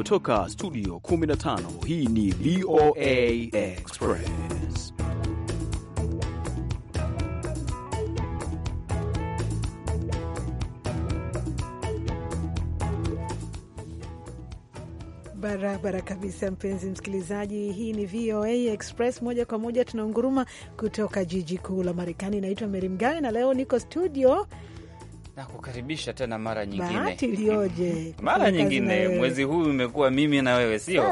kutoka studio 15 hii ni VOA Express. Barabara kabisa, mpenzi msikilizaji, hii ni VOA Express moja kwa moja, tunaunguruma kutoka jiji kuu la Marekani. inaitwa Meri Mgawe na leo niko studio na kukaribisha tena mara nyingine mara nyingine mwezi huu imekuwa mimi na wewe, sio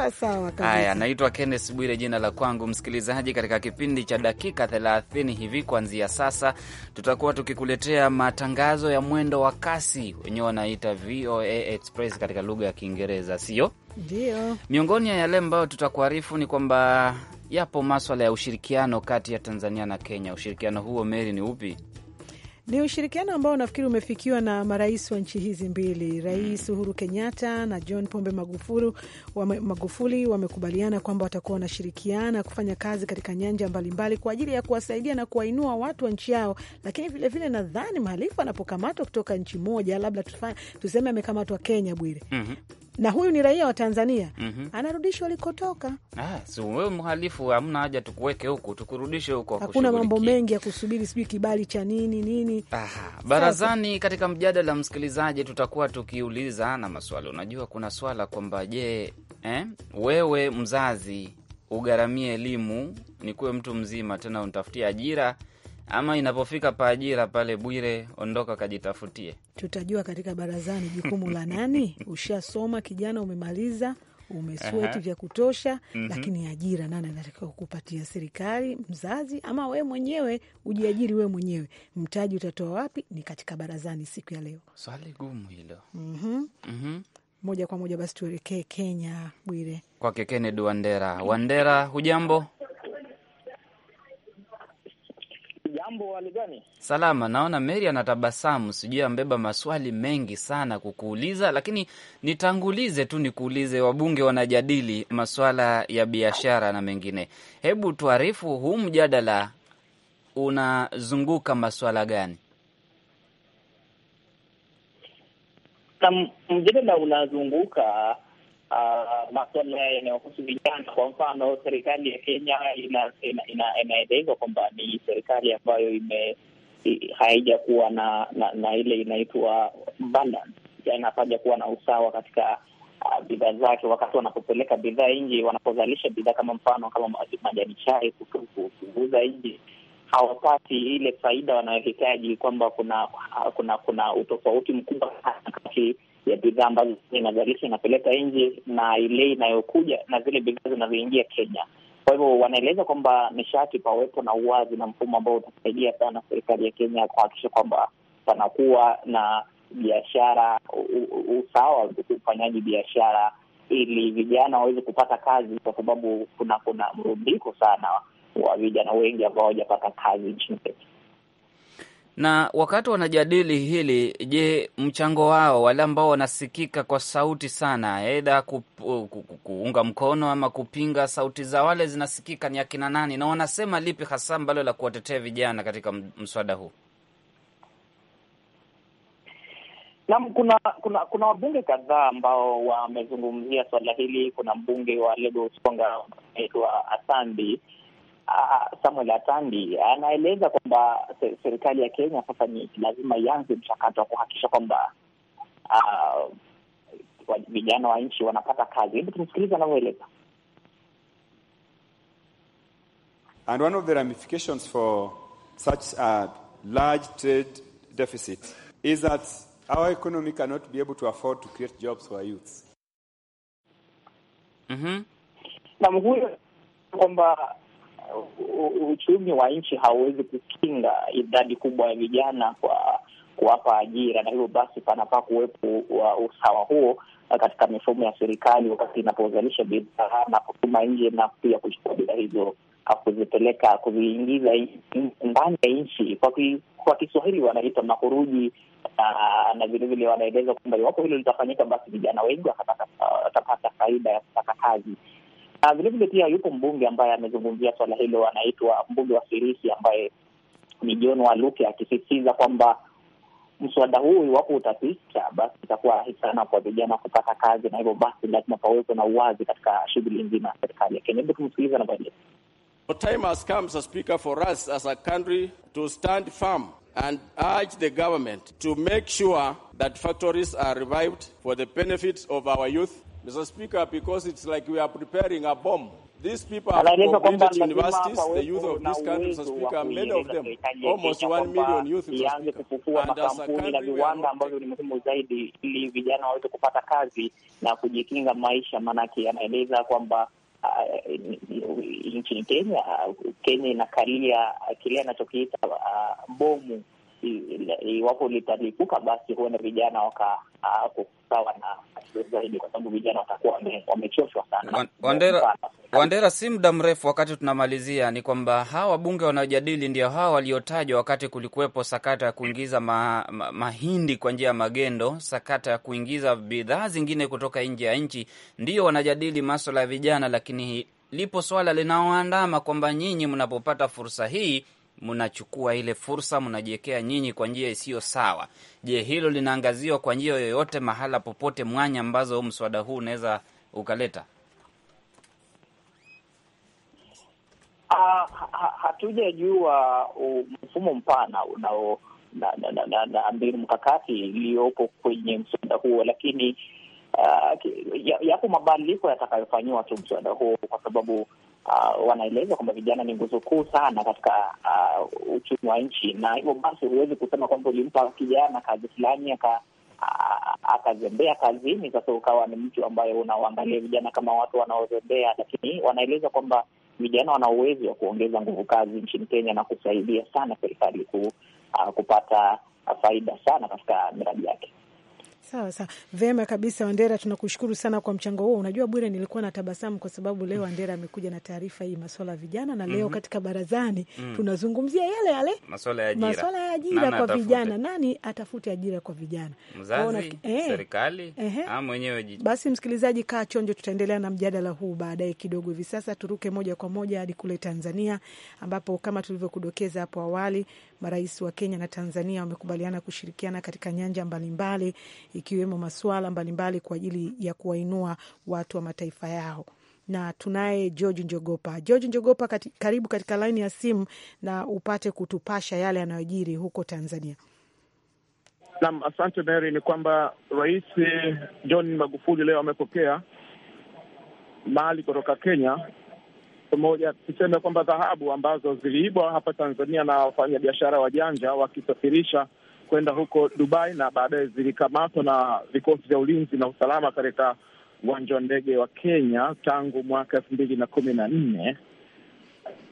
haya. Naitwa Kennes Bwire jina la kwangu, msikilizaji. Katika kipindi cha dakika 30 hivi kuanzia sasa, tutakuwa tukikuletea matangazo ya mwendo wa kasi, wenyewe wanaita VOA Express katika lugha ya Kiingereza, sio ndio? Miongoni ya yale ambayo tutakuarifu ni kwamba yapo maswala ya ushirikiano kati ya Tanzania na Kenya. Ushirikiano huo Meri, ni upi? Ni ushirikiano ambao nafikiri umefikiwa na marais wa nchi hizi mbili, Rais mm. Uhuru Kenyatta na John Pombe Magufuli. Wame, Magufuli wamekubaliana kwamba watakuwa wanashirikiana kufanya kazi katika nyanja mbalimbali mbali, kwa ajili ya kuwasaidia na kuwainua watu wa nchi yao, lakini vilevile nadhani mhalifu anapokamatwa kutoka nchi moja, labda tuseme amekamatwa Kenya, Bwire mm -hmm na huyu ni raia wa Tanzania mm -hmm. anarudishwa alikotoka. Ah, so wewe mhalifu, hamna haja tukuweke huku, tukurudishe huko. Hakuna mambo mengi ya kusubiri, sijui kibali cha nini nini. Ah, barazani Sasa. Katika mjadala msikilizaji, tutakuwa tukiuliza na maswali. Unajua kuna swala kwamba je, eh, wewe mzazi ugharamie elimu, ni kuwe mtu mzima tena untafutie ajira ama inapofika pa ajira pale, Bwire, ondoka kajitafutie. Tutajua katika barazani jukumu la nani. Ushasoma kijana, umemaliza umesweti vya kutosha mm -hmm. Lakini ajira nani anatakiwa kukupatia? Serikali, mzazi, ama we mwenyewe ujiajiri we mwenyewe? Mtaji utatoa wapi? Ni katika barazani siku ya leo, swali gumu hilo. mm -hmm. mm -hmm. Moja kwa moja basi tuelekee Kenya, Bwire, kwake Kennedy Wandera. Wandera, hujambo? Mambo hali gani? Salama. Naona Mary anatabasamu, sijui ambeba maswali mengi sana kukuuliza, lakini nitangulize tu nikuulize, wabunge wanajadili maswala ya biashara na mengine. Hebu tuarifu, huu mjadala unazunguka maswala gani? Na mjadala unazunguka uh, ah, maswala yanayohusu vijana. Kwa mfano, serikali ya Kenya inaelezwa kwamba ni serikali ambayo ime haijakuwa na, na na ile inaitwa balance, hapaja kuwa na usawa katika uh, bidhaa zake, wakati wanapopeleka bidhaa nje, wanapozalisha bidhaa kama mfano kama majani chai kuuza nje hawapati ile faida wanayohitaji, kwamba kuna kuna kuna utofauti mkubwa sana kati ya bidhaa ambazo inazalisha inapeleka nje na ile inayokuja na zile bidhaa zinazoingia Kenya. Kwa hivyo wanaeleza kwamba nishati pawepo na uwazi na mfumo ambao utasaidia sana serikali ya Kenya kuhakikisha kwamba panakuwa na biashara, usawa ufanyaji biashara, ili vijana waweze kupata kazi, kwa sababu kuna kuna mrundiko sana wa vijana wengi ambao hawajapata kazi nchini Kenya na wakati wanajadili hili, je, mchango wao wale ambao wanasikika kwa sauti sana, aidha kuunga mkono ama kupinga, sauti za wale zinasikika ni akina nani, na wanasema lipi hasa ambalo la kuwatetea vijana katika mswada huu? Naam, kuna kuna kuna wabunge kadhaa ambao wamezungumzia swala hili. Kuna mbunge wa Lagos Songa anaitwa Asandi Ah, Samuel Atandi anaeleza kwamba serikali ya Kenya sasa ni lazima ianze mchakato wa kuhakikisha kwamba ah, vijana wa nchi wanapata kazi. Hebu tumsikiliza anavyoeleza. And one of the ramifications for such a large trade deficit is that our economy cannot be able to afford to create jobs for youths. Mm-hmm. Na kwamba uchumi wa nchi hauwezi kukinga idadi kubwa ya vijana kwa kuwapa ajira, na hivyo basi panafaa kuwepo usawa huo katika mifumo ya serikali wakati inapozalisha bidhaa na kutuma nje na pia kuchukua bidhaa hizo kuzipeleka kuziingiza ndani ya nchi. Kwa, kwa Kiswahili wanaita makuruji, na vilevile wanaeleza kwamba iwapo hilo litafanyika, basi vijana wengi watapata faida ya kupata kazi Vilevile ah, pia yupo mbunge ambaye amezungumzia swala hilo, anaitwa mbunge wa Sirisi ambaye ni John Waluke, akisisitiza kwamba mswada huu iwapo utapita, basi itakuwa rahisi sana kwa vijana kupata kazi, na hivyo basi lazima pawepo na uwazi katika shughuli nzima ya serikali ya Kenya. Hebu tumsikiliza anavyoeleza. The time has come, Mr. Speaker, for us as a country to stand firm and urge the government to make sure that factories are revived for the benefit of our youth Mr. Speaker, because it's like we are preparing a bomb. These people have completed universities, the youth of this country, Mr. Speaker, many of them, almost one million youth, Mr. Speaker. And as a country, we are not ambavyo ni muhimu zaidi ili vijana waweze kupata kazi na kujikinga maisha, maanake anaeleza kwamba uh, nchini Kenya, Kenya inakalia kile anachokiita uh, bomu iwapo litalipuka basi huenda vijana wakasawa uh, na zaidi, kwa sababu vijana watakuwa wamechoshwa sana. Wandera, Wandera, si muda mrefu wakati tunamalizia, ni kwamba hawa wabunge wanaojadili ndio hawa waliotajwa wakati kulikuwepo sakata ya kuingiza ma, ma, mahindi kwa njia ya magendo, sakata ya kuingiza bidhaa zingine kutoka nje ya nchi, ndio wanajadili maswala ya vijana, lakini lipo swala linaoandama kwamba nyinyi mnapopata fursa hii mnachukua ile fursa, mnajiwekea nyinyi kwa njia isiyo sawa. Je, hilo linaangaziwa kwa njia yoyote, mahala popote, mwanya ambazo mswada huu unaweza ukaleta? Ah, hatujajua mfumo mpana unao na, na, na, na, na mbinu mkakati iliyopo kwenye mswada huo, lakini uh, yapo ya mabadiliko yatakayofanyiwa tu mswada huo, kwa sababu uh, wanaeleza kwamba vijana ni nguzo kuu sana katika uh, uchumi wa nchi, na hivyo basi huwezi kusema kwamba ulimpa kijana kazi fulani aka uh, akazembea kazini, sasa ukawa ni mtu ambaye unawaangalia vijana kama watu wanaozembea. Lakini wanaeleza kwamba vijana wana uwezo wa kuongeza nguvu kazi nchini Kenya na kusaidia sana serikali ku, uh, kupata faida sana katika miradi yake. Sawa sawa, vema kabisa. Wandera, tunakushukuru sana kwa mchango huo. Unajua bure, nilikuwa na tabasamu kwa sababu leo Wandera amekuja na taarifa hii maswala ya vijana, na leo mm -hmm. katika barazani mm -hmm. tunazungumzia yale yale maswala ya ajira, masuala ya ajira nani kwa atafute? vijana nani atafute ajira kwa vijana, mzazi, eh. serikali eh, mwenyewe? Basi msikilizaji, kaa chonjo, tutaendelea na mjadala huu baadaye kidogo. Hivi sasa turuke moja kwa moja hadi kule Tanzania ambapo kama tulivyokudokeza hapo awali marais wa Kenya na Tanzania wamekubaliana kushirikiana katika nyanja mbalimbali ikiwemo masuala mbalimbali kwa ajili ya kuwainua watu wa mataifa yao na tunaye George Njogopa. George Njogopa, kati, karibu katika laini ya simu na upate kutupasha yale yanayojiri huko Tanzania. Naam, asante Mary. Ni kwamba Rais John Magufuli leo amepokea mali kutoka Kenya pamoja tuseme kwamba dhahabu ambazo ziliibwa hapa Tanzania na wafanyabiashara wajanja wakisafirisha kwenda huko Dubai na baadaye zilikamatwa na vikosi vya ulinzi na usalama katika uwanja wa ndege wa Kenya tangu mwaka elfu mbili na kumi na nne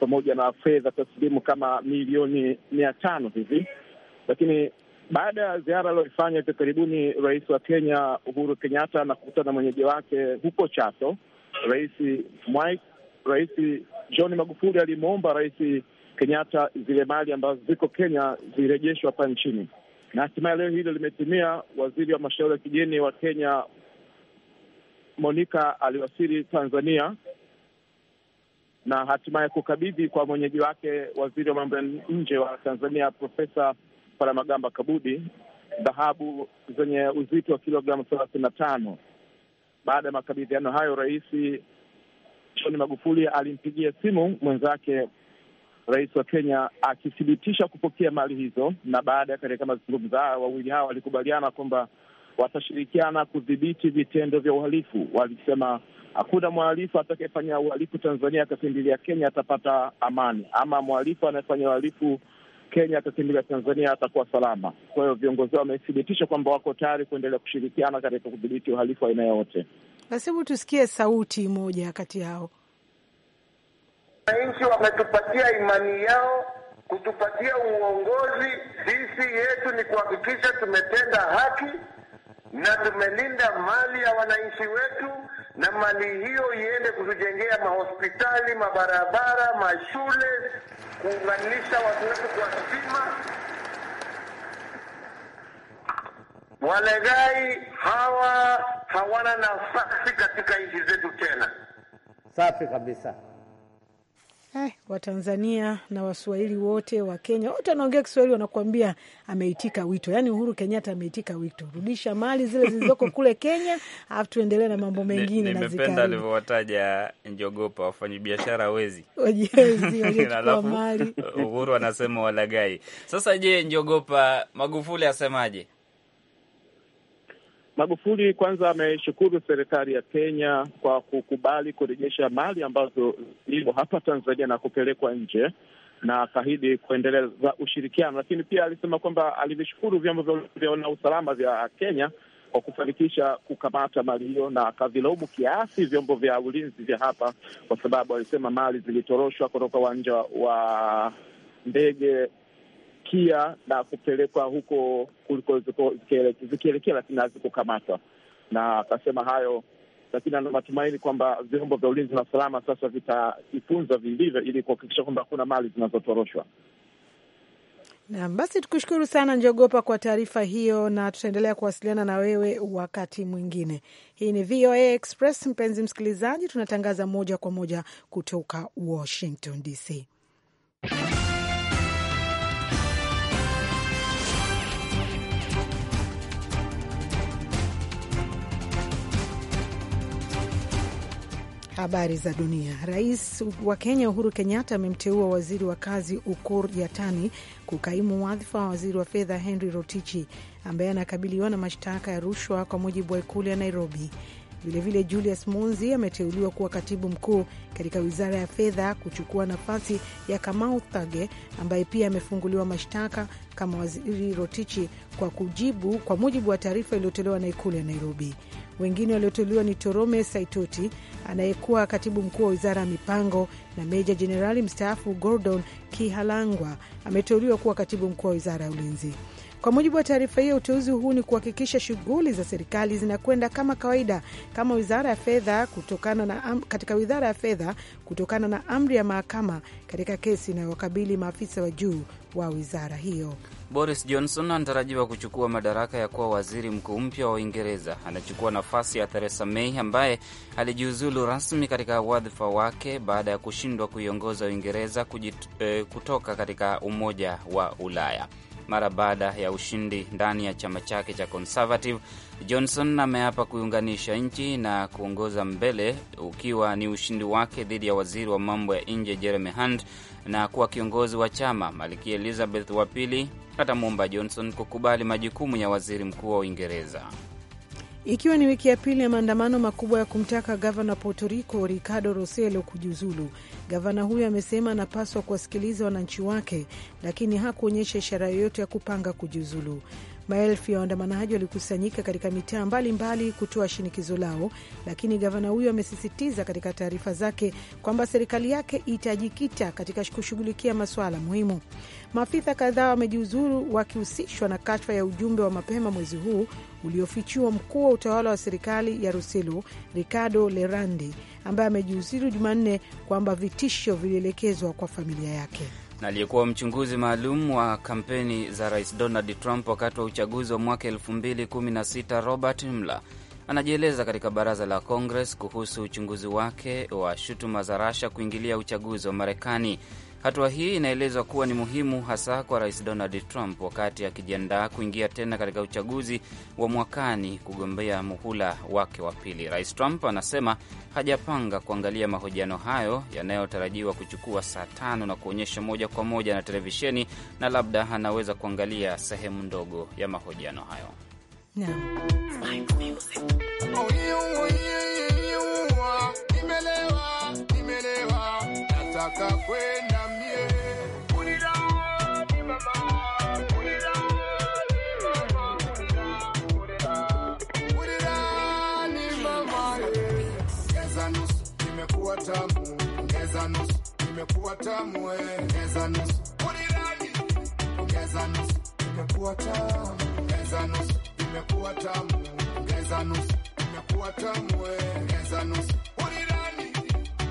pamoja na fedha taslimu kama milioni mia tano hivi. Lakini baada ya ziara aliyoifanya hivi karibuni rais wa Kenya Uhuru Kenyatta na kukutana mwenyeji wake huko Chato, Rais Mwai Rais John Magufuli alimwomba Rais Kenyatta zile mali ambazo ziko Kenya zirejeshwe hapa nchini, na hatimaye leo hilo limetimia. Waziri wa mashauri ya kigeni wa Kenya Monica aliwasili Tanzania na hatimaye kukabidhi kwa mwenyeji wake waziri wa mambo ya nje wa Tanzania Profesa Palamagamba Kabudi dhahabu zenye uzito wa kilogramu thelathini na tano. Baada ya makabidhiano hayo, rais John Magufuli alimpigia simu mwenzake rais wa Kenya akithibitisha kupokea mali hizo, na baada ya katika mazungumzo hayo wawili hao walikubaliana kwamba watashirikiana kudhibiti vitendo vya uhalifu. Walisema hakuna mhalifu atakayefanya uhalifu Tanzania akakimbilia Kenya atapata amani, ama mhalifu anayefanya uhalifu Kenya akakimbilia Tanzania atakuwa salama. Kwa hiyo viongozi hao wamethibitisha kwamba wako tayari kuendelea kushirikiana katika kudhibiti uhalifu aina yoyote. Nasibu, tusikie sauti moja kati yao. Wananchi wametupatia imani yao kutupatia uongozi. Sisi yetu ni kuhakikisha tumetenda haki na tumelinda mali ya wananchi wetu, na mali hiyo iende kutujengea mahospitali, mabarabara, mashule, kuunganisha watu wetu kwa stima. Walegai hawa hawana nafasi katika nchi zetu tena. Safi kabisa. Hey, eh, Watanzania na Waswahili wote wa Kenya wote wanaongea Kiswahili, wanakuambia ameitika wito, yaani Uhuru Kenyatta ameitika wito, rudisha mali zile zilizoko kule Kenya, alafu tuendelee na mambo mengine. Nimependa alivyowataja njogopa biashara wezi wajezi waliochukua mali. Uhuru anasema walagai. Sasa je, njogopa Magufuli asemaje? Magufuli kwanza ameshukuru serikali ya Kenya kwa kukubali kurejesha mali ambazo ziko hapa Tanzania na kupelekwa nje na akaahidi kuendeleza ushirikiano, lakini pia alisema kwamba alivishukuru vyombo vya usalama vya Kenya kwa kufanikisha kukamata mali hiyo, na akavilaumu kiasi vyombo vya ulinzi vya hapa, kwa sababu alisema mali zilitoroshwa kutoka uwanja wa ndege kufikia na kupelekwa huko kuliko zikielekea, lakini hazikukamatwa, na akasema hayo, lakini ana matumaini kwamba vyombo vya ulinzi na usalama sasa vitajifunza vilivyo, ili kuhakikisha kwamba hakuna mali zinazotoroshwa. Naam, basi tukushukuru sana Njogopa kwa taarifa hiyo, na tutaendelea kuwasiliana na wewe wakati mwingine. Hii ni VOA Express, mpenzi msikilizaji, tunatangaza moja kwa moja kutoka Washington DC. Habari za dunia. Rais wa Kenya Uhuru Kenyatta amemteua waziri wa kazi Ukur Yatani kukaimu wadhifa wa waziri wa fedha Henry Rotichi ambaye anakabiliwa na mashtaka ya rushwa kwa mujibu wa ikulu ya Nairobi. Vilevile Julius Munzi ameteuliwa kuwa katibu mkuu katika wizara ya fedha kuchukua nafasi ya Kamau Thage ambaye pia amefunguliwa mashtaka kama waziri Rotichi kwa kujibu, kwa mujibu wa taarifa iliyotolewa na ikulu ya Nairobi. Wengine walioteuliwa ni Torome Saitoti anayekuwa katibu mkuu wa wizara ya mipango na meja jenerali mstaafu Gordon Kihalangwa ameteuliwa kuwa katibu mkuu wa wizara ya ulinzi. Kwa mujibu wa taarifa hiyo, uteuzi huu ni kuhakikisha shughuli za serikali zinakwenda kama kawaida kama wizara ya fedha kutokana na am, katika wizara ya fedha kutokana na amri ya mahakama katika kesi inayowakabili maafisa wa juu wa wizara hiyo. Boris Johnson anatarajiwa kuchukua madaraka ya kuwa waziri mkuu mpya wa Uingereza. Anachukua nafasi ya Theresa May ambaye alijiuzulu rasmi katika wadhifa wake baada ya kushindwa kuiongoza Uingereza eh, kutoka katika Umoja wa Ulaya mara baada ya ushindi ndani ya chama chake cha Conservative. Johnson ameapa kuiunganisha nchi na kuongoza mbele, ukiwa ni ushindi wake dhidi ya waziri wa mambo ya nje Jeremy Hunt na kuwa kiongozi wa chama. Malkia Elizabeth wa pili atamwomba Johnson kukubali majukumu ya waziri mkuu wa Uingereza. Ikiwa ni wiki ya pili ya maandamano makubwa ya kumtaka gavana Puerto Rico Ricardo roselo kujiuzulu, gavana huyo amesema anapaswa kuwasikiliza wananchi wake, lakini hakuonyesha ishara yoyote ya kupanga kujiuzulu. Maelfu ya waandamanaji walikusanyika katika mitaa mbalimbali kutoa shinikizo lao, lakini gavana huyo amesisitiza katika taarifa zake kwamba serikali yake itajikita katika kushughulikia masuala muhimu. Maafisa kadhaa wamejiuzuru wakihusishwa na kashfa ya ujumbe wa mapema mwezi huu uliofichiwa mkuu wa utawala wa serikali ya Rusilu Ricardo Lerandi, ambaye amejiuzuru Jumanne kwamba vitisho vilielekezwa kwa familia yake na aliyekuwa mchunguzi maalum wa kampeni za rais Donald Trump wakati wa uchaguzi wa mwaka 2016 Robert Mueller anajieleza katika baraza la Congress kuhusu uchunguzi wake wa shutuma za Rasha kuingilia uchaguzi wa Marekani. Hatua hii inaelezwa kuwa ni muhimu hasa kwa Rais Donald Trump wakati akijiandaa kuingia tena katika uchaguzi wa mwakani kugombea muhula wake wa pili. Rais Trump anasema hajapanga kuangalia mahojiano hayo yanayotarajiwa kuchukua saa tano na kuonyesha moja kwa moja na televisheni, na labda anaweza kuangalia sehemu ndogo ya mahojiano hayo no. Nimelewa, nataka kwenda imekuwa tamu, ongeza nusu, ongeza nusu, imekuwa tamu, ongeza nusu, imekuwa tamu, ongeza nusu, imekuwa tamu, ongeza nusu,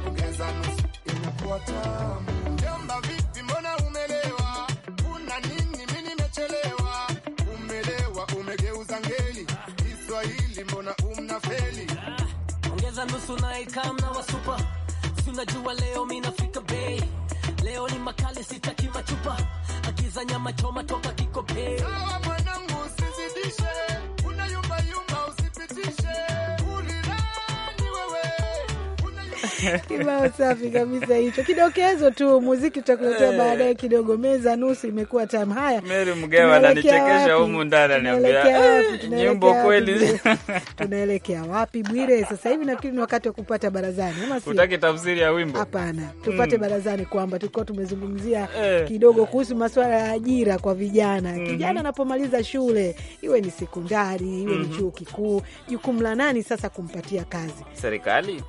ongeza nusu, imekuwa tamu. Ndomba vipi, mbona umelewa? Kuna nini? Mimi nimechelewa. Umelewa, umegeuza ngeli Kiswahili, mbona umnafeli? Ongeza nusu na ikam unajua leo mi nafika bei, leo ni makali, sitaki machupa, akiza nyama choma toka kikopei Kibao safi kabisa hicho, kidokezo tu. Muziki tutakuletea eh. baadaye kidogo. Meza nusu imekuwa time. Haya, Meri Mgewa ananichekesha humu ndani, ananiambia eh, nyimbo kweli. Tunaelekea wapi Bwire? Sasa hivi nafikiri ni wakati wa kupata barazani, ama si? Utaki tafsiri ya wimbo? Hapana, tupate mm. barazani, kwamba tulikuwa tumezungumzia eh. kidogo kuhusu masuala ya ajira kwa vijana mm-hmm. Kijana anapomaliza shule, iwe ni sekondari, iwe ni mm-hmm. chuo kikuu, jukumu la nani sasa kumpatia kazi serikali?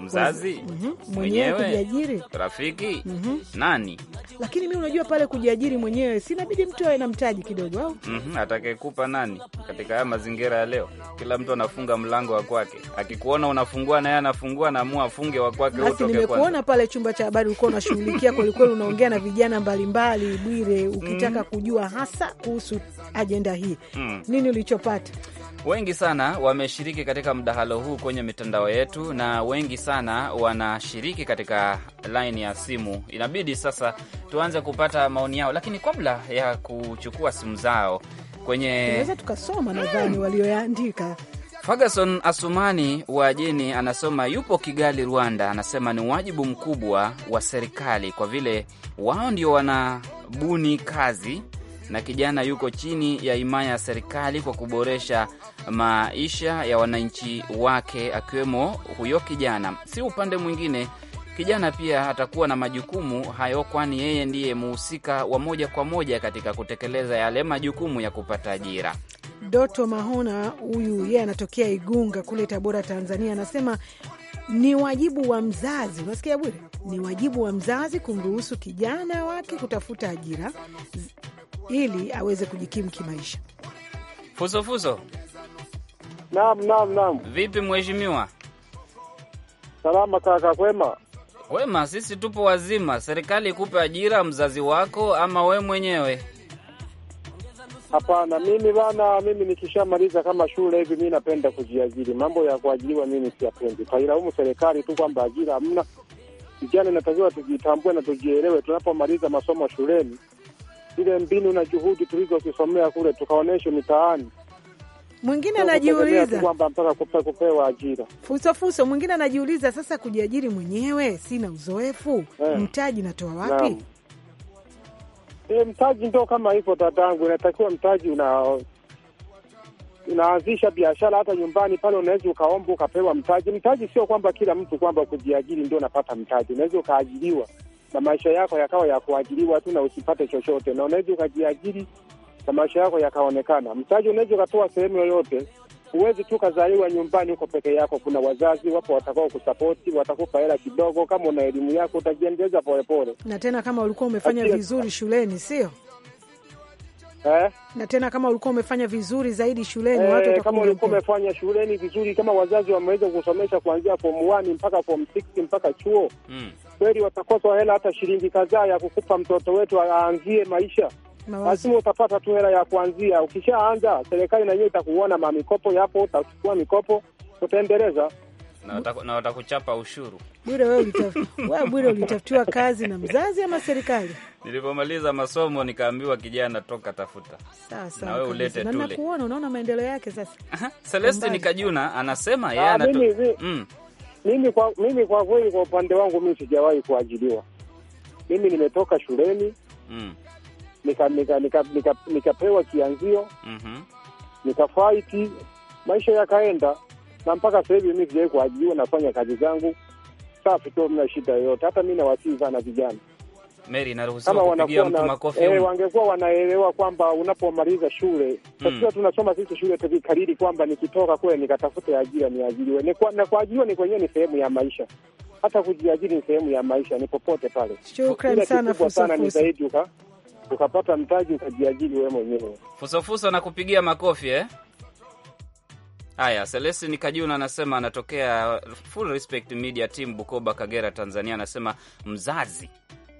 mzazi mm -hmm. mwenyewe kujiajiri, rafiki mm -hmm. nani. Lakini mi unajua pale kujiajiri mwenyewe sinabidi mtu awe na mtaji kidogo, au mm -hmm. atakayekupa nani? Katika haya mazingira ya leo, kila mtu anafunga mlango wa kwake, akikuona unafungua naye anafungua, naamua afunge wa kwake. Basi nimekuona pale chumba cha habari ulikuwa unashughulikia kwelikweli, unaongea na vijana mbalimbali, Bwire, ukitaka mm -hmm. kujua hasa kuhusu ajenda hii mm -hmm. nini ulichopata? Wengi sana wameshiriki katika mdahalo huu kwenye mitandao yetu, na wengi sana wanashiriki katika laini ya simu. Inabidi sasa tuanze kupata maoni yao, lakini kabla ya kuchukua simu zao kwenye tunaweza tukasoma nadhani mm, walioyaandika Fagason Asumani wa jini anasoma yupo Kigali, Rwanda. Anasema ni wajibu mkubwa wa serikali kwa vile wao ndio wanabuni kazi na kijana yuko chini ya himaya ya serikali kwa kuboresha maisha ya wananchi wake, akiwemo huyo kijana. Si upande mwingine, kijana pia atakuwa na majukumu hayo, kwani yeye ndiye mhusika wa moja kwa moja katika kutekeleza yale majukumu ya kupata ajira. Doto Mahona huyu yeye anatokea Igunga kule Tabora, Tanzania, anasema ni wajibu wa mzazi, unasikia Bure, ni wajibu wa mzazi kumruhusu kijana wake kutafuta ajira ili aweze kujikimu kimaisha. Fuzofuzo fuzo. Naam, naam, naam. Vipi mheshimiwa? Salama kaka, kwema? Wema, sisi tupo wazima. Serikali ikupe ajira mzazi wako ama we mwenyewe? Hapana, mimi bana, mimi nikishamaliza kama shule hivi, mi napenda kujiajiri. Mambo ya kuajiriwa mimi siyapendi. Kailaumu serikali tu kwamba ajira hamna. Vijana inatakiwa tujitambue na tujielewe, tunapomaliza masomo shuleni, ile mbinu na juhudi tulizozisomea kule tukaoneshe mitaani Mwingine anajiuliza kwamba mpaka kupewa ajira fuso fuso. Mwingine anajiuliza sasa, kujiajiri mwenyewe, sina uzoefu eh, mtaji natoa wapi? E, mtaji ndo kama hivyo dadangu, inatakiwa mtaji una unaanzisha biashara hata nyumbani pale, unaweza ukaomba ukapewa mtaji. Mtaji sio kwamba kila mtu kwamba kujiajiri ndio unapata mtaji. Unaweza ukaajiriwa na maisha yako yakawa ya kuajiriwa tu na usipate chochote, na unaweza ukajiajiri na maisha yako yakaonekana. Mtaji unaweza ukatoa sehemu yoyote, huwezi tu kazaliwa nyumbani huko peke yako. Kuna wazazi wapo watakao kusapoti, watakupa hela kidogo. Kama una elimu yako utajiendeleza polepole, na tena kama ulikuwa umefanya Atia vizuri shuleni, sio Eh? Na tena kama ulikuwa umefanya vizuri zaidi shuleni, eh, watu kama ulikuwa umefanya shuleni vizuri, kama wazazi wameweza kusomesha kuanzia form 1 mpaka form 6 mpaka chuo hmm. kweli, watakosa hela hata shilingi kadhaa ya kukupa mtoto wetu aanzie maisha lazima utapata tu hela ya kuanzia. Ukishaanza serikali na yenyewe itakuona, mamikopo yapo, utachukua mikopo, utaendeleza na watakuchapa ushuru Bwire. Wewe Bwire, ulitafutiwa kazi na mzazi ama serikali? Nilipomaliza masomo nikaambiwa, kijana, toka tafuta sasa, na wewe ulete tule. Nakuona, unaona maendeleo yake sasa. Celestine Kajuna anasema ah, yeye ana mm. Mimi kwa mimi kwa kweli, kwa upande wangu mimi sijawahi kuajiliwa. Mimi nimetoka shuleni mm nikapewa nika, nika, nika, nika kianzio mm -hmm. nikafaiti, maisha yakaenda, na mpaka sasa hivi mimi sijai kuajiriwa, nafanya kazi zangu safi tu, mna shida yoyote. Hata mi nawasihi sana vijana Mary, naruhusiwa kupigia mtu makofi. Eh, wangekuwa wanaelewa kwamba unapomaliza shule sasa, mm. tunasoma sisi shule tukikariri kwamba nikitoka kule nikatafute ajira niajiriwe. Ni kwa, na kuajiriwa ni kwenyewe ni sehemu ya maisha, hata kujiajiri ni sehemu ya maisha, ni popote pale. Shukrani sana, sana ni zaidi uka ukapata mtaji ukajiajiri wewe mwenyewe. Fusofuso na kupigia makofi eh? Haya, Selestini Kajuna anasema anatokea Full Respect Media Team Bukoba, Kagera, Tanzania. Anasema mzazi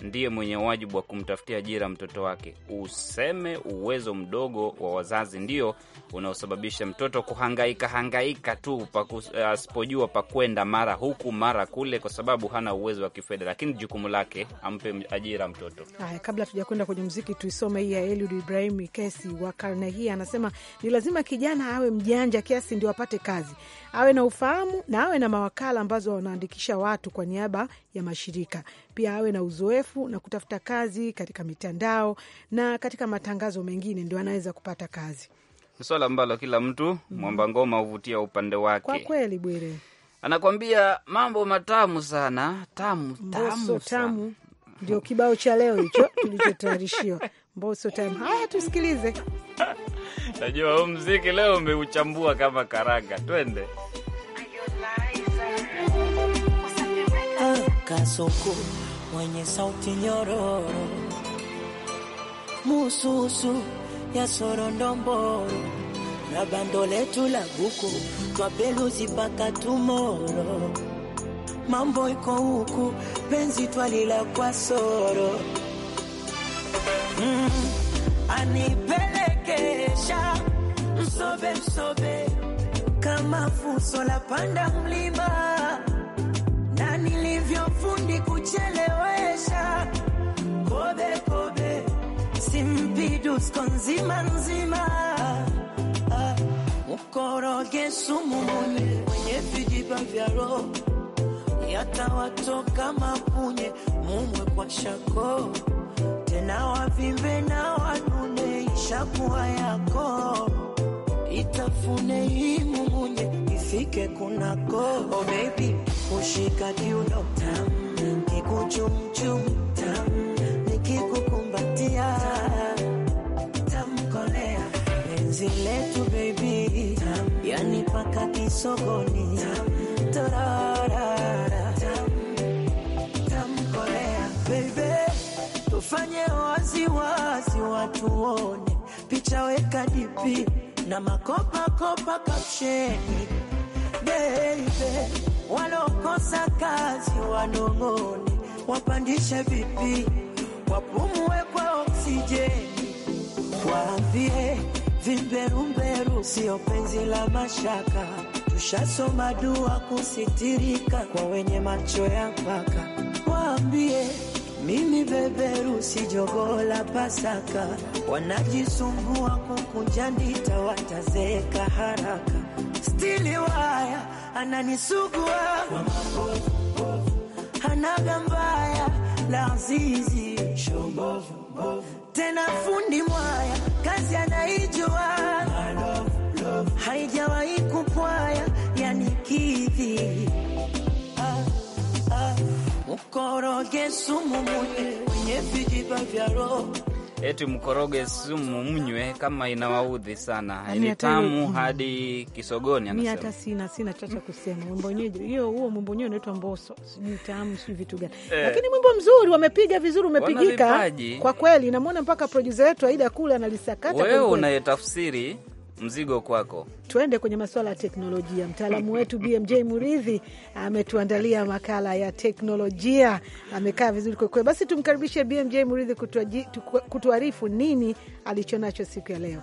ndiye mwenye wajibu wa kumtafutia ajira mtoto wake. Useme uwezo mdogo wa wazazi ndio unaosababisha mtoto kuhangaika hangaika tu asipojua pa kwenda, mara huku mara kule, kwa sababu hana uwezo wa kifedha, lakini jukumu lake ampe ajira mtoto. Haya, kabla tujakwenda kwenye mziki, tuisome hii ya Eliud Ibrahim Kesi wa karne hii. Anasema ni lazima kijana awe mjanja kiasi ndio apate kazi, awe na ufahamu na awe na mawakala ambazo wanaandikisha watu kwa niaba ya mashirika. Pia awe na uzoefu na kutafuta kazi katika mitandao na katika matangazo mengine, ndio anaweza kupata kazi. Ni swala ambalo kila mtu mhm. mwamba ngoma huvutia upande wake. Kwa kweli, Bwire anakwambia mambo matamu sana, tamu tamu Tamu ndio kibao cha leo hicho tulichotayarishiwa Mboso tamu. Haya, tusikilize. Najua huu mziki leo umeuchambua kama karanga, twende. Kasoko mwenye sauti nyororo, mususu ya sorondomboro na bando letu la buku peluzi paka tumoro, mambo iko huku penzi twalila kwa soro mm, anipelekesha msobe msobe kama fuso la panda mlima fundi kuchelewesha kobe kobe, simpidusko nzima nzima, mukoroge ah, sumu mwenye mwenye vijiba vya roho yatawatoka mapunye, mumwe kwa shako tena wavimbe na wanune, ishakuwa yako itafune hii mumunye ifike kunako, oh baby kushika kiuno kikuchumchum nikikukumbatia tamkolea penzi letu baby yani paka kisogoni torarara tamkolea baby tufanye waziwazi watuone picha weka dipi na makopakopa kapsheni baby walokosa kazi wanong'one, wapandishe vipi, wapumue kwa oksijeni, waambie vimberumberu siyo penzi la mashaka. Tushasoma dua kusitirika kwa wenye macho ya mpaka, waambie mimi beberu si jogola Pasaka, wanajisumbua kukunja nitawatazeka haraka. Stili waya ananisugua hanaga mbaya la zizi tena fundi mwaya kazi anaijua haijawahi kupwaya yanikidhi mkoroge sumu munywe wenye vijiba vya roho eti mkoroge sumu mnywe, kama inawaudhi sana, ni tamu mm. hadi kisogoni. Anasema hata sina sina chacha kusema mwimbo wenyewe hiyo, huo mwimbo wenyewe unaitwa Mboso, sijui tamu, sijui vitu gani eh, lakini mwimbo mzuri, wamepiga vizuri, umepigika kwa kweli. Namwona mpaka producer wetu Aida kule analisakata. Wewe unayetafsiri mzigo kwako. Tuende kwenye masuala ya teknolojia. Mtaalamu wetu BMJ Muridhi ametuandalia makala ya teknolojia, amekaa vizuri kwekwe. Basi tumkaribishe BMJ Muridhi kutuarifu nini alichonacho siku ya leo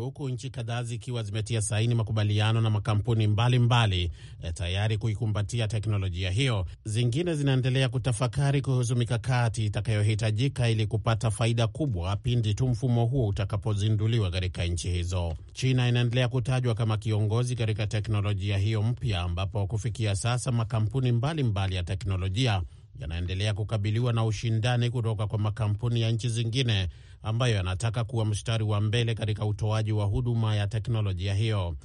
huku nchi kadhaa zikiwa zimetia saini makubaliano na makampuni mbalimbali mbali, e, tayari kuikumbatia teknolojia hiyo. Zingine zinaendelea kutafakari kuhusu mikakati itakayohitajika ili kupata faida kubwa pindi tu mfumo huo utakapozinduliwa katika nchi hizo. China inaendelea kutajwa kama kiongozi katika teknolojia hiyo mpya, ambapo kufikia sasa makampuni mbalimbali mbali ya teknolojia yanaendelea kukabiliwa na ushindani kutoka kwa makampuni ya nchi zingine ambayo yanataka kuwa mstari wa mbele katika utoaji wa huduma ya teknolojia hiyo.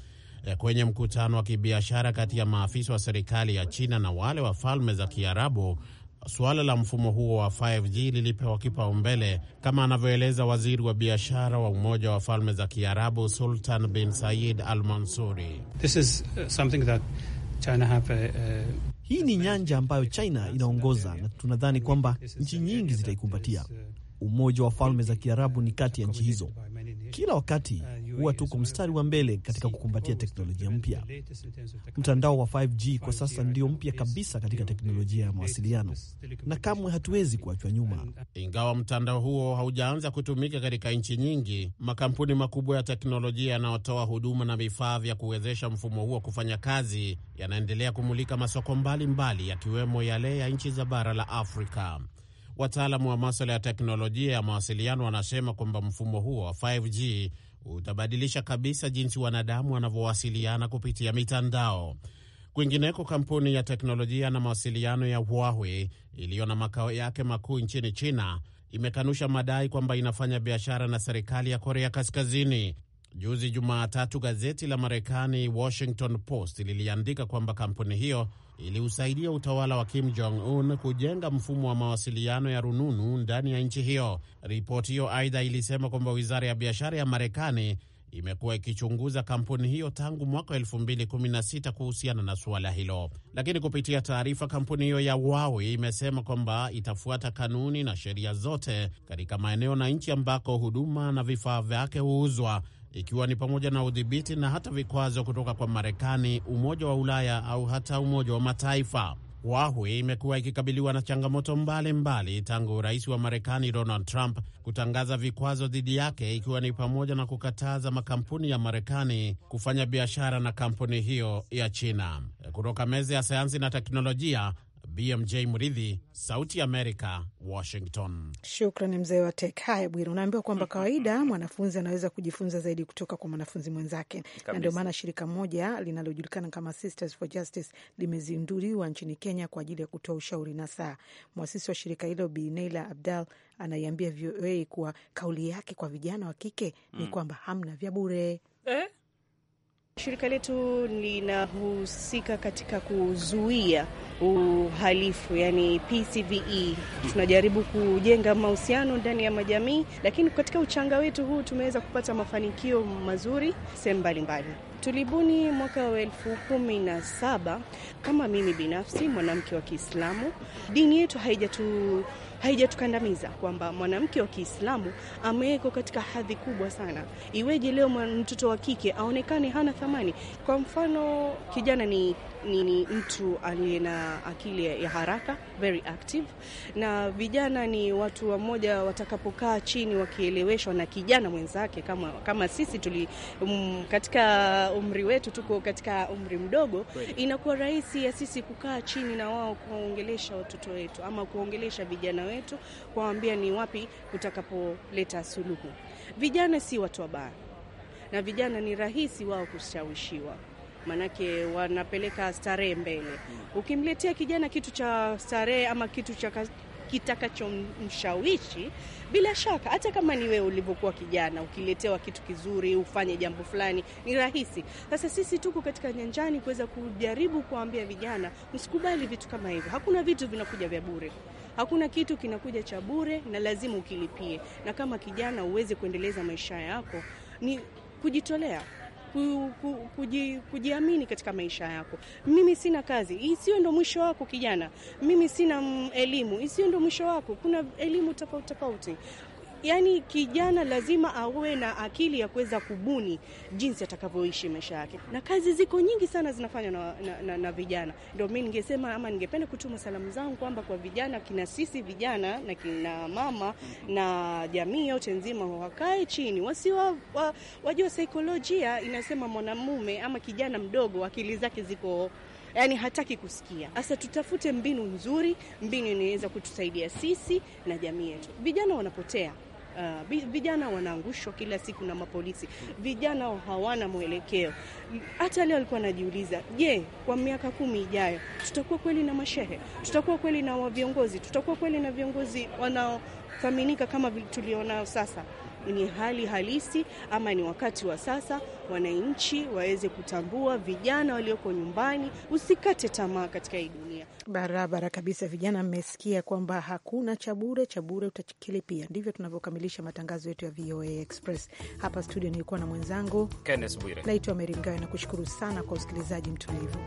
E, kwenye mkutano wa kibiashara kati ya maafisa wa serikali ya China na wale wa Falme za Kiarabu, suala la mfumo huo wa 5G lilipewa kipaumbele, kama anavyoeleza waziri wa biashara wa Umoja wa Falme za Kiarabu Sultan bin Said Al Mansuri. Hii ni nyanja ambayo China inaongoza na tunadhani kwamba nchi nyingi zitaikumbatia. Umoja wa Falme za Kiarabu ni kati ya nchi hizo. Kila wakati huwa tuko mstari wa mbele katika kukumbatia teknolojia mpya. Mtandao wa 5G kwa sasa ndio mpya kabisa katika teknolojia ya mawasiliano na kamwe hatuwezi kuachwa nyuma. Ingawa mtandao huo haujaanza kutumika katika nchi nyingi, makampuni makubwa ya teknolojia yanayotoa huduma na vifaa vya kuwezesha mfumo huo kufanya kazi yanaendelea kumulika masoko mbalimbali, yakiwemo yale ya nchi za bara la Afrika. Wataalamu wa maswala ya teknolojia ya mawasiliano wanasema kwamba mfumo huo wa 5G utabadilisha kabisa jinsi wanadamu wanavyowasiliana kupitia mitandao. Kwingineko, kampuni ya teknolojia na mawasiliano ya Huawei iliyo na makao yake makuu nchini China imekanusha madai kwamba inafanya biashara na serikali ya Korea Kaskazini. Juzi Jumatatu, gazeti la Marekani Washington Post liliandika kwamba kampuni hiyo iliusaidia utawala wa Kim Jong Un kujenga mfumo wa mawasiliano ya rununu ndani ya nchi hiyo. Ripoti hiyo aidha ilisema kwamba wizara ya biashara ya Marekani imekuwa ikichunguza kampuni hiyo tangu mwaka 2016 kuhusiana na suala hilo, lakini kupitia taarifa, kampuni hiyo ya Huawei imesema kwamba itafuata kanuni na sheria zote katika maeneo na nchi ambako huduma na vifaa vyake huuzwa ikiwa ni pamoja na udhibiti na hata vikwazo kutoka kwa Marekani, Umoja wa Ulaya au hata Umoja wa Mataifa. Huawei imekuwa ikikabiliwa na changamoto mbalimbali tangu rais wa Marekani Donald Trump kutangaza vikwazo dhidi yake, ikiwa ni pamoja na kukataza makampuni ya Marekani kufanya biashara na kampuni hiyo ya China. Kutoka meza ya sayansi na teknolojia, BMJ Mridhi, Sauti Amerika, Washington. Shukrani mzee wa tek. Haya Bwira, unaambiwa kwamba kawaida mwanafunzi anaweza kujifunza zaidi kutoka kwa mwanafunzi mwenzake, na ndio maana shirika moja linalojulikana kama Sisters for Justice limezinduliwa nchini Kenya kwa ajili ya kutoa ushauri na saa. Mwasisi wa shirika hilo Bi Neila Abdal anaiambia VOA kuwa kauli yake kwa vijana wa kike ni mm. kwamba hamna vya bure eh? Shirika letu linahusika katika kuzuia uhalifu, yani PCVE. Tunajaribu kujenga mahusiano ndani ya majamii, lakini katika uchanga wetu huu tumeweza kupata mafanikio mazuri sehemu mbalimbali. Tulibuni mwaka wa elfu kumi na saba. Kama mimi binafsi mwanamke wa Kiislamu, dini yetu haijatu haijatukandamiza kwamba mwanamke wa Kiislamu amewekwa katika hadhi kubwa sana. Iweje leo mtoto wa kike aonekane hana thamani? Kwa mfano kijana ni, ni, ni mtu aliye na akili ya haraka very active, na vijana ni watu wamoja watakapokaa chini wakieleweshwa na kijana mwenzake kama, kama sisi tuli, um, katika umri wetu tuko katika umri mdogo, inakuwa rahisi ya sisi kukaa chini na wao kuwaongelesha watoto wetu ama kuongelesha vijana wetu, kuwaambia ni wapi kutakapoleta suluhu. Vijana si watu wabaya na vijana ni rahisi wao kushawishiwa maanake wanapeleka starehe mbele. Ukimletea kijana kitu cha starehe ama kitu cha kitakachomshawishi bila shaka, hata kama ni wewe ulivyokuwa kijana, ukiletewa kitu kizuri ufanye jambo fulani, ni rahisi. Sasa sisi tuko katika nyanjani kuweza kujaribu kuwaambia vijana, msikubali vitu kama hivyo. Hakuna vitu vinakuja vya bure, hakuna kitu kinakuja cha bure, na lazima ukilipie. Na kama kijana uweze kuendeleza maisha yako, ni kujitolea ku, ku, kuji, kujiamini katika maisha yako. Mimi sina kazi, isiyo ndo mwisho wako kijana. Mimi sina mm, elimu, isiyo ndo mwisho wako. Kuna elimu tofauti tofauti yani kijana lazima awe na akili ya kuweza kubuni jinsi atakavyoishi maisha yake, na kazi ziko nyingi sana zinafanywa na, na, na, na vijana. Ndio mi ningesema ama ningependa kutuma salamu zangu kwamba kwa vijana, kina sisi vijana na kina mama na jamii yote nzima wakae chini, wasiwa wa, wajua saikolojia inasema mwanamume ama kijana mdogo akili zake ziko yani hataki kusikia. Sasa tutafute mbinu nzuri, mbinu inaweza kutusaidia sisi na jamii yetu. Vijana wanapotea Uh, vijana wanaangushwa kila siku na mapolisi, vijana hawana mwelekeo. Hata leo alikuwa anajiuliza, je, kwa miaka kumi ijayo tutakuwa kweli na mashehe? Tutakuwa kweli na viongozi? Tutakuwa kweli na viongozi wanaothaminika kama tulionao sasa? Ni hali halisi ama ni wakati wa sasa? Wananchi waweze kutambua, vijana walioko nyumbani, usikate tamaa katika hii dunia. Barabara kabisa, vijana, mmesikia kwamba hakuna cha bure, cha bure utakilipia. Ndivyo tunavyokamilisha matangazo yetu ya VOA Express. Hapa studio nilikuwa na mwenzangu Kenneth Bwire, naitwa Meri Mgawe na kushukuru sana kwa usikilizaji mtulivu.